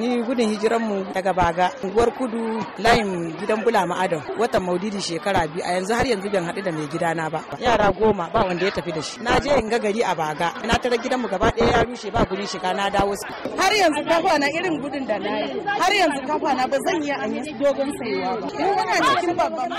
ni gudun hijiran mu daga baga unguwar kudu layin gidan bula ma'adam watan maulidi shekara biyu a yanzu har yanzu ban haɗu da mai gidana ba yara goma ba wanda ya tafi da shi na je in ga gari a baga na tara gidanmu gaba ɗaya ya rushe ba gurin shiga na dawo su har yanzu kafa na irin gudun da na yi har yanzu kafa na ba zan iya a yi dogon sayuwa ba in muna cikin babban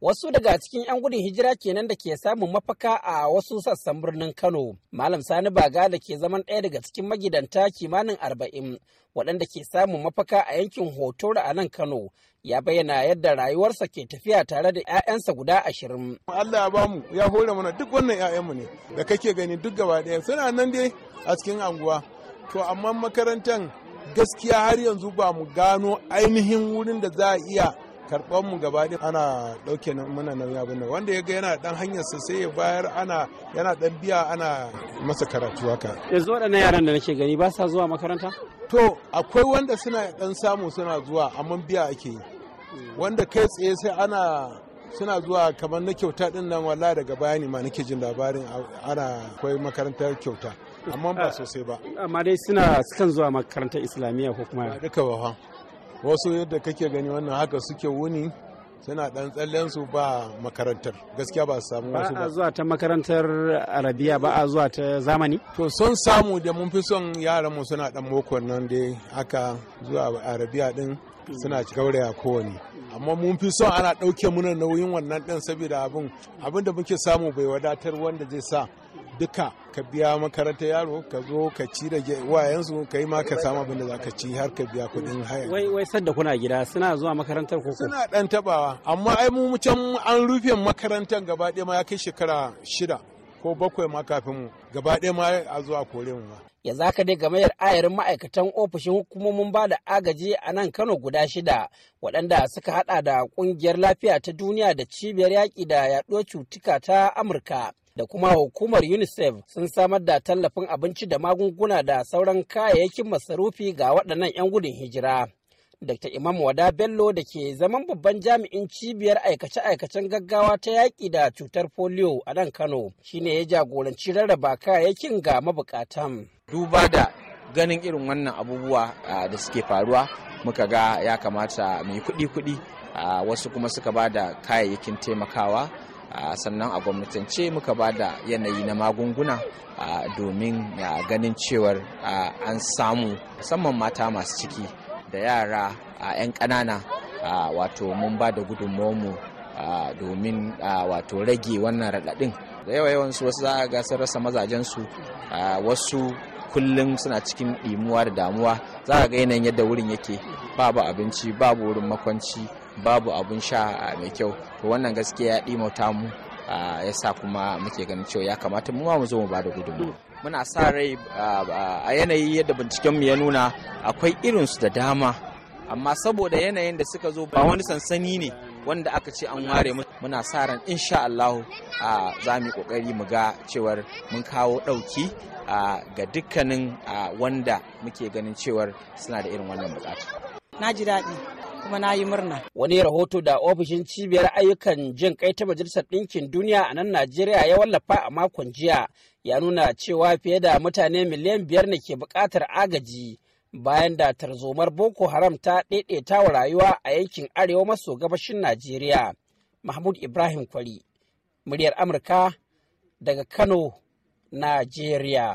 wasu daga cikin 'yan gudun hijira kenan da ke samun mafaka a wasu sassan birnin kano malam sani baga da ke zaman ɗaya daga cikin magidanta kimanin arba'in waɗanda ke samun mafaka a yankin hoto a nan kano ya bayyana yadda rayuwarsa ke tafiya tare da 'ya'yansa guda ashirin. Allah ya bamu ya hore mana duk wannan 'ya'yanmu ne da kake gani duk gaba ɗaya suna nan dai a cikin anguwa to amma makarantar gaskiya har yanzu ba mu gano ainihin wurin da za a iya karɓar mu gaba ana ɗauke mana nauyi abin nan wanda ya ga yana hanyar hanyarsa sai ya bayar ana yana ɗan biya ana masa karatu haka yanzu waɗannan yaran da nake gani ba sa zuwa makaranta to akwai wanda suna ɗan samu suna zuwa amma biya ake yi wanda kai tsaye sai ana suna zuwa kamar na kyauta din nan walla daga bayani ma nake jin labarin ana akwai makarantar kyauta amma ba ah, sosai ba amma dai suna sukan zuwa makarantar islamiyya ko kuma duka ba wasu yadda kake gani wannan haka suke wuni suna dan tsallen su ba makarantar gaskiya ba su samu wasu ba zuwa ta makarantar arabiya ba a zuwa ta zamani to sun samu da mun fi son yaran mu suna dan mokon nan dai haka zuwa arabiya din suna gauraya kowane amma mun fi son ana ɗauke muna nauyin wannan din saboda abin abin da muke samu bai wadatar wanda zai sa duka ka biya makarantar yaro ka zo ka ci da wayansu ka yi ma ka samu abin da za ka ci har ka biya kuɗin haya. Wai wai sadda kuna gida suna zuwa makarantar ko Suna ɗan tabawa amma ai mu can an rufe makarantar gaba ɗaya ma ya kai shekara shida ko bakwai ma kafin mu gaba ɗaya ma a zuwa kore mu ma. Ya za ka dai gamayar ayarin ma'aikatan ofishin hukumomin ba da agaji a nan Kano guda shida waɗanda suka haɗa da ƙungiyar lafiya ta duniya da cibiyar yaƙi da yaɗuwar cutuka ta Amurka. da kuma hukumar UNICEF sun samar da tallafin abinci da magunguna da sauran kayayyakin masarufi ga waɗannan 'yan gudun hijira. Dr. Imam Wada Bello da ke zaman babban jami'in cibiyar aikace-aikacen gaggawa ta yaƙi da cutar polio a nan Kano shine ya jagoranci rarraba kayayyakin ga mabukatan. Duba da ganin irin wannan abubuwa da suke faruwa muka ga ya kamata mu yi kuɗi-kuɗi wasu kuma suka ba da kayayyakin taimakawa sannan a gwamnatance muka ba da yanayi na magunguna domin ganin cewar an samu musamman mata masu ciki da yara 'yan ƙanana wato mun ba da gudunmu domin wato rage wannan raɗaɗin da yawa yawansu wasu za a ga sun rasa mazajensu wasu kullum suna cikin ɗimuwa da damuwa za a ga yanayin yadda wurin yake babu abinci babu wurin makwanci babu abun sha ah, mai kyau to wannan gaskiya ya ɗimauta mu ah, ya sa kuma muke ganin cewa ya kamata mu ma mu zo mu bada gudunmu muna sa rai ah, a yanayi yadda binciken mu ya nuna akwai irinsu da dama amma saboda yanayin da suka zo ba wani sansani ne wanda aka ce an ware muna sa ran insha Allah za mu yi kokari mu ga cewar mun kawo ɗauki ga dukkanin wanda muke ganin cewar suna da irin wannan bukata. Na ji daɗi kuma na yi murna. Wani rahoto da ofishin cibiyar ayyukan jin kai ta Majalisar Ɗinkin Duniya a nan Najeriya ya wallafa a makon jiya ya nuna cewa fiye da mutane miliyan biyar ne ke buƙatar agaji bayan da tarzomar Boko Haram ta ɗaiɗaita wa rayuwa a yankin arewa maso gabashin Najeriya. Mahmud Ibrahim Kwari, muryar Amurka daga Kano, Najeriya.